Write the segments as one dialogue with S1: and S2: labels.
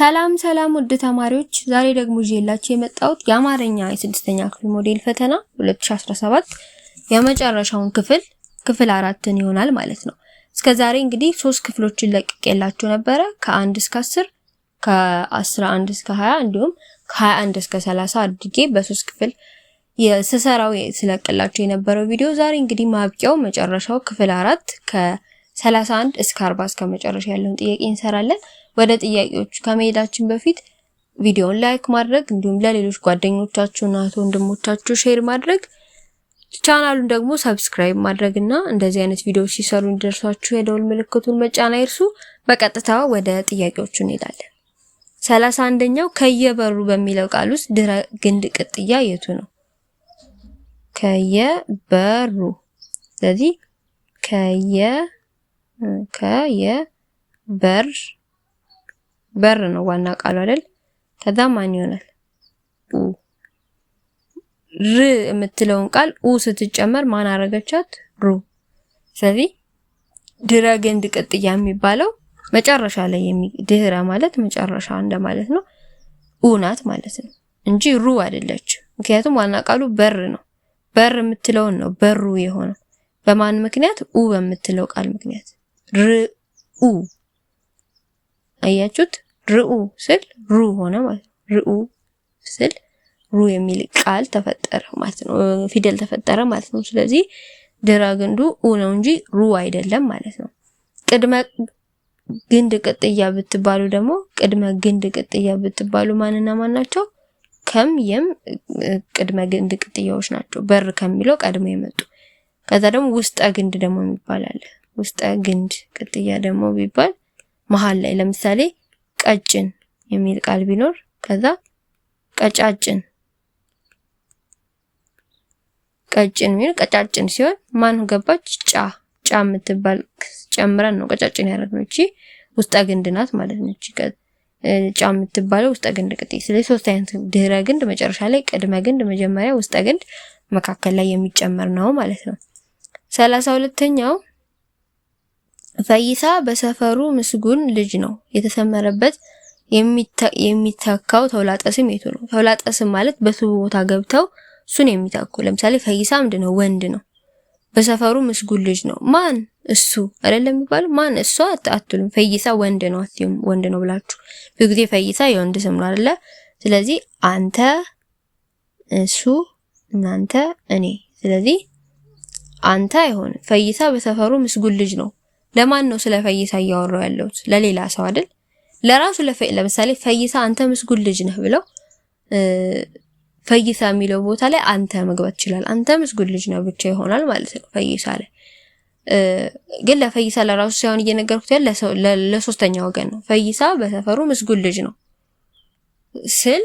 S1: ሰላም ሰላም ውድ ተማሪዎች፣ ዛሬ ደግሞ ይዤላችሁ የመጣውት የአማርኛ የስድስተኛ ክፍል ሞዴል ፈተና 2017 የመጨረሻውን ክፍል ክፍል አራትን ይሆናል ማለት ነው። እስከ ዛሬ እንግዲህ ሶስት ክፍሎችን ለቅቄላችሁ ነበረ ከአንድ እስከ 10 ከ11 እስከ 20 እንዲሁም ከ21 እስከ 30 አድጌ በሶስት ክፍል የሰሰራው ስለቅላችሁ የነበረው ቪዲዮ ዛሬ እንግዲህ ማብቂያው መጨረሻው ክፍል አራት ከ 31 እስከ 40 እስከ መጨረሻ ያለውን ጥያቄ እንሰራለን። ወደ ጥያቄዎቹ ከመሄዳችን በፊት ቪዲዮውን ላይክ ማድረግ እንዲሁም ለሌሎች ጓደኞቻችሁና እና እህት ወንድሞቻችሁ ሼር ማድረግ ቻናሉን ደግሞ ሰብስክራይብ ማድረግና እንደዚህ አይነት ቪዲዮዎች ሲሰሩ እንዲደርሷችሁ የደውል ምልክቱን መጫን አይርሱ። በቀጥታ ወደ ጥያቄዎቹ እንሄዳለን። ሰላሳ አንደኛው ከየበሩ በሚለው ቃል ውስጥ ድረ ግንድ ቅጥያ የቱ ነው? ከየበሩ ስለዚህ ከየ ከየበር በር ነው ዋና ቃሉ አይደል? ከዛ ማን ይሆናል? ኡ ር የምትለውን ቃል ኡ ስትጨመር ማን አረገቻት? ሩ። ስለዚህ ድረ ግንድ ቅጥያ የሚባለው መጨረሻ ላይ ድህረ ማለት መጨረሻ እንደማለት ነው። ኡ ናት ማለት ነው እንጂ ሩ አይደለች። ምክንያቱም ዋና ቃሉ በር ነው። በር የምትለውን ነው በሩ የሆነው በማን ምክንያት? ኡ በምትለው ቃል ምክንያት ርኡ አያችሁት? ርኡ ስል ሩ ሆነ ማለት ነው። ርኡ ስል ሩ የሚል ቃል ተፈጠረ ማለት ነው። ፊደል ተፈጠረ ማለት ነው። ስለዚህ ድራ ግንዱ ኡ ነው እንጂ ሩ አይደለም ማለት ነው። ቅድመ ግንድ ቅጥያ ብትባሉ ደግሞ ቅድመ ግንድ ቅጥያ ብትባሉ ማንና ማን ናቸው? ከም የም ቅድመ ግንድ ቅጥያዎች ናቸው። በር ከሚለው ቀድሞ የመጡ ከዛ ደግሞ ውስጠ ግንድ ደግሞ ይባላል? ውስጠ ግንድ ቅጥያ ደግሞ ቢባል መሃል ላይ ለምሳሌ ቀጭን የሚል ቃል ቢኖር ከዛ ቀጫጭን ቀጭን የሚል ቀጫጭን ሲሆን ማን ገባች? ጫ ጫ የምትባል ጨምረን ነው ቀጫጭን ያደረግነው። እቺ ውስጠ ግንድ ናት ማለት ነው። እቺ ጫ የምትባለው ውስጠ ግንድ ቅጥያ። ስለዚህ ሶስት አይነት ድህረ ግንድ፣ መጨረሻ ላይ ቅድመ ግንድ፣ መጀመሪያ ውስጠ ግንድ፣ መካከል ላይ የሚጨመር ነው ማለት ነው። ሰላሳ ሁለተኛው ፈይሳ በሰፈሩ ምስጉን ልጅ ነው። የተሰመረበት የሚተካው ተውላጠ ስም የቱ ነው? ተውላጠ ስም ማለት በሱ ቦታ ገብተው እሱን የሚተኩ ለምሳሌ ፈይሳ ምንድን ነው? ወንድ ነው። በሰፈሩ ምስጉን ልጅ ነው። ማን እሱ አይደለም የሚባለው። ማን እሱ አትሉም። ፈይሳ ወንድ ነው አትዩም። ወንድ ነው ብላችሁ ብዙ ጊዜ ፈይሳ የወንድ ስም ነው አይደለ? ስለዚህ አንተ፣ እሱ፣ እናንተ፣ እኔ። ስለዚህ አንተ አይሆንም። ፈይሳ በሰፈሩ ምስጉን ልጅ ነው። ለማን ነው ስለ ፈይሳ እያወራው ያለሁት? ለሌላ ሰው አይደል? ለራሱ ለምሳሌ ፈይሳ አንተ ምስጉን ልጅ ነህ ብለው ፈይሳ የሚለው ቦታ ላይ አንተ መግባት ይችላል። አንተ ምስጉን ልጅ ነህ ብቻ ይሆናል ማለት ነው ፈይሳ ላይ ግን ለፈይሳ ለራሱ ሳይሆን እየነገርኩት ያለ ለሶስተኛ ወገን ነው። ፈይሳ በሰፈሩ ምስጉን ልጅ ነው ስል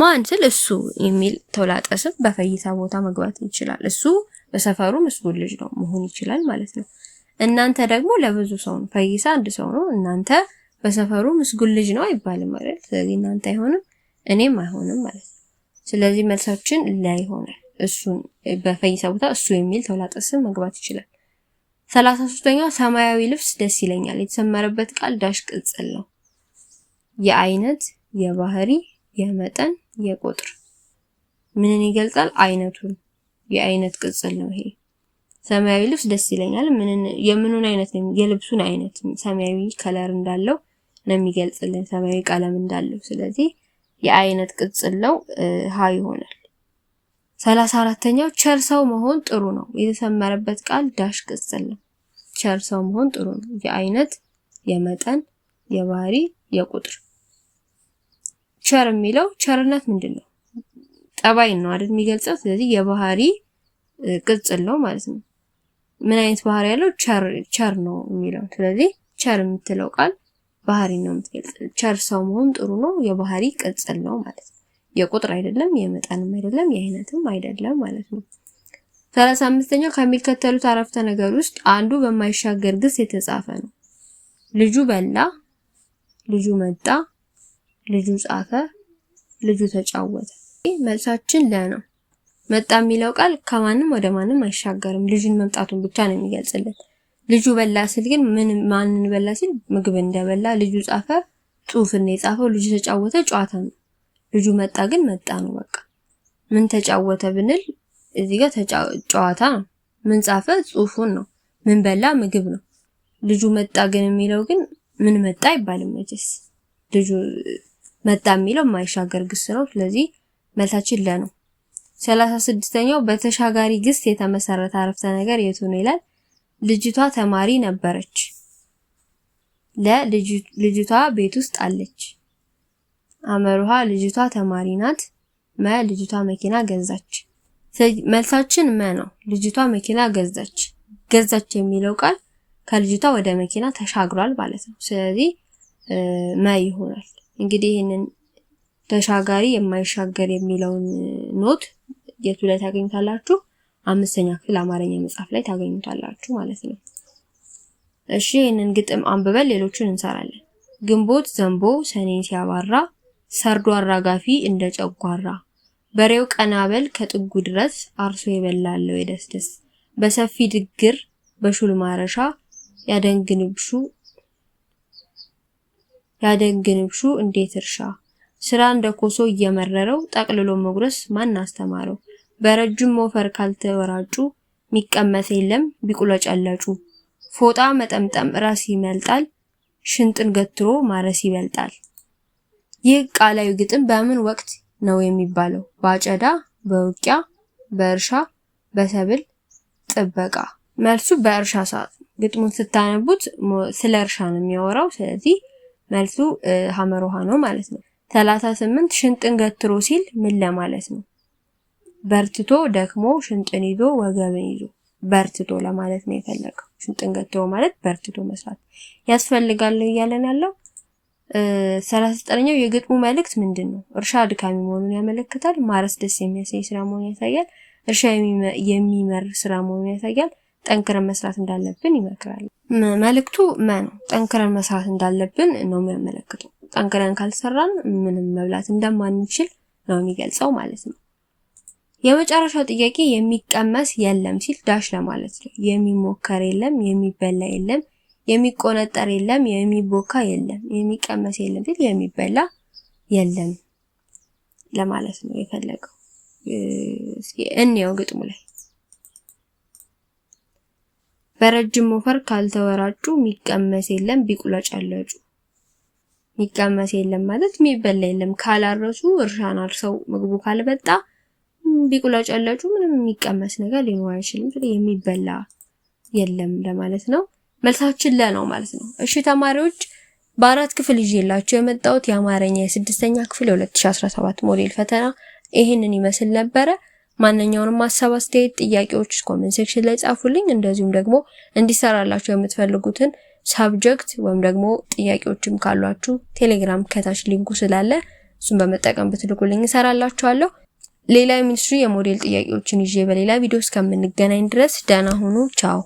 S1: ማን ስል እሱ የሚል ተውላጠ ስም በፈይሳ ቦታ መግባት ይችላል። እሱ በሰፈሩ ምስጉን ልጅ ነው መሆን ይችላል ማለት ነው። እናንተ ደግሞ ለብዙ ሰው ነው። ፈይሳ አንድ ሰው ነው። እናንተ በሰፈሩ ምስጉን ልጅ ነው አይባልም አይደል? ስለዚህ እናንተ አይሆንም፣ እኔም አይሆንም ማለት ነው። ስለዚህ መልሳችን ላይ ይሆናል። እሱን በፈይሳ ቦታ እሱ የሚል ተውላጠ ስም መግባት ይችላል። ሰላሳ ሶስተኛው ሰማያዊ ልብስ ደስ ይለኛል። የተሰመረበት ቃል ዳሽ ቅጽል ነው። የአይነት የባህሪ የመጠን የቁጥር ምንን ይገልጻል? አይነቱን የአይነት ቅጽል ነው ይሄ ሰማያዊ ልብስ ደስ ይለኛል። የምኑን አይነት ነው? የልብሱን አይነት ሰማያዊ ከለር እንዳለው ነው የሚገልጽልን፣ ሰማያዊ ቀለም እንዳለው። ስለዚህ የአይነት ቅጽል ነው ሀ ይሆናል። ሰላሳ አራተኛው ቸር ሰው መሆን ጥሩ ነው። የተሰመረበት ቃል ዳሽ ቅጽል ነው። ቸር ሰው መሆን ጥሩ ነው። የአይነት፣ የመጠን፣ የባህሪ፣ የቁጥር። ቸር የሚለው ቸርነት ምንድን ነው? ጠባይን ነው አይደል የሚገልጸው። ስለዚህ የባህሪ ቅጽል ነው ማለት ነው። ምን አይነት ባህሪ ያለው ቸር ነው የሚለው። ስለዚህ ቸር የምትለው ቃል ባህሪ ነው የምትገልጽ። ቸር ሰው መሆን ጥሩ ነው የባህሪ ቅጽል ነው ማለት ነው። የቁጥር አይደለም፣ የመጠንም አይደለም፣ የአይነትም አይደለም ማለት ነው። ሰላሳ አምስተኛው ከሚከተሉት አረፍተ ነገር ውስጥ አንዱ በማይሻገር ግስ የተጻፈ ነው። ልጁ በላ፣ ልጁ መጣ፣ ልጁ ጻፈ፣ ልጁ ተጫወተ። መልሳችን ለ ነው። መጣ የሚለው ቃል ከማንም ወደ ማንም አይሻገርም። ልጁን መምጣቱን ብቻ ነው የሚገልጽልን። ልጁ በላ ሲል ግን ምን ማንን በላ ሲል ምግብ እንደበላ፣ ልጁ ጻፈ ጽሁፍን የጻፈው፣ ልጁ ተጫወተ ጨዋታ ነው። ልጁ መጣ ግን መጣ ነው በቃ። ምን ተጫወተ ብንል እዚህ ጋር ጨዋታ ነው። ምን ጻፈ ጽሁፉን ነው። ምን በላ ምግብ ነው። ልጁ መጣ ግን የሚለው ግን ምን መጣ አይባልም። መቼስ ልጁ መጣ የሚለው የማይሻገር ግስ ነው። ስለዚህ መልሳችን ለ ነው። ሰላሳ ስድስተኛው በተሻጋሪ ግስት የተመሰረተ አረፍተ ነገር የቱ ነው ይላል። ልጅቷ ተማሪ ነበረች። ለልጅቷ ቤት ውስጥ አለች። አመሩሃ ልጅቷ ተማሪ ናት። መ ልጅቷ መኪና ገዛች። መልሳችን መ ነው። ልጅቷ መኪና ገዛች። ገዛች የሚለው ቃል ከልጅቷ ወደ መኪና ተሻግሯል ማለት ነው። ስለዚህ መ ይሆናል። እንግዲህ ይህንን ተሻጋሪ የማይሻገር የሚለውን ኖት የቱ ላይ ታገኙታላችሁ? አምስተኛ ክፍል አማርኛ መጽሐፍ ላይ ታገኙታላችሁ ማለት ነው። እሺ ይህንን ግጥም አንብበን ሌሎቹን እንሰራለን። ግንቦት ዘንቦ ሰኔን ሲያባራ፣ ሰርዶ አራጋፊ እንደ ጨጓራ፣ በሬው ቀናበል ከጥጉ ድረስ አርሶ የበላለው የደስደስ፣ በሰፊ ድግር በሹል ማረሻ ያደንግንብሹ ያደንግንብሹ እንዴት እርሻ ስራ እንደ ኮሶ እየመረረው ጠቅልሎ መጉረስ ማን አስተማረው? በረጅም ሞፈር ካልተወራጩ ሚቀመስ የለም ቢቁለጨለጩ። ፎጣ መጠምጠም ራስ ይመልጣል፣ ሽንጥን ገትሮ ማረስ ይበልጣል። ይህ ቃላዊ ግጥም በምን ወቅት ነው የሚባለው? በአጨዳ፣ በውቂያ፣ በእርሻ፣ በሰብል ጥበቃ። መልሱ በእርሻ ሰዓት። ግጥሙን ስታነቡት ስለ እርሻ ነው የሚያወራው። ስለዚህ መልሱ ሀመሮሃ ነው ማለት ነው። ሰላሳ ሽንጥን ገትሮ ሲል ምን ለማለት ነው? በርትቶ ደክሞ ሽንጥን ይዞ ወገብን ይዞ በርትቶ ለማለት ነው የፈለገው። ሽንጥን ገትሮ ማለት በርትቶ መስራት ያስፈልጋል እያለን ያለው። 39 39ኛው የግጥሙ መልእክት ምንድን ነው? እርሻ አድካሚ መሆኑን ያመለክታል። ማረስ ደስ የሚያሰኝ ስራ መሆኑን ያሳያል። እርሻ የሚመር ስራ መሆኑን ያሳያል። ጠንክረን መስራት እንዳለብን ይመክራል። መልእክቱ መ ነው። ጠንክረን መስራት እንዳለብን ነው የሚያመለክተው። ጠንክረን ካልሰራን ምንም መብላት እንደማንችል ነው የሚገልጸው ማለት ነው። የመጨረሻው ጥያቄ የሚቀመስ የለም ሲል ዳሽ ለማለት ነው። የሚሞከር የለም፣ የሚበላ የለም፣ የሚቆነጠር የለም፣ የሚቦካ የለም፣ የሚቀመስ የለም ሲል የሚበላ የለም ለማለት ነው የፈለገው። እስኪ እንየው ግጥሙ ላይ በረጅም ሞፈር ካልተወራጩ የሚቀመስ የለም ቢቁለጨለጩ የሚቀመስ የለም ማለት የሚበላ የለም። ካላረሱ እርሻን አርሰው ምግቡ ካልበጣ ቢቁለጨለጩ ምንም የሚቀመስ ነገር ሊኖር አይችልም። ስለዚህ የሚበላ የለም ለማለት ነው። መልሳችን ለ ነው ማለት ነው። እሺ ተማሪዎች በአራት ክፍል ይዤላችሁ የመጣሁት የአማርኛ የስድስተኛ ክፍል የ2017 ሞዴል ፈተና ይህንን ይመስል ነበረ። ማንኛውንም ሀሳብ፣ አስተያየት፣ ጥያቄዎች ኮሜንት ሴክሽን ላይ ጻፉልኝ። እንደዚሁም ደግሞ እንዲሰራላችሁ የምትፈልጉትን ሳብጀክት ወይም ደግሞ ጥያቄዎችም ካሏችሁ ቴሌግራም ከታች ሊንኩ ስላለ እሱን በመጠቀም ብትልኩልኝ እሰራላችኋለሁ። ሌላ የሚኒስትሪ የሞዴል ጥያቄዎችን ይዤ በሌላ ቪዲዮ እስከምንገናኝ ድረስ ደህና ሁኑ። ቻው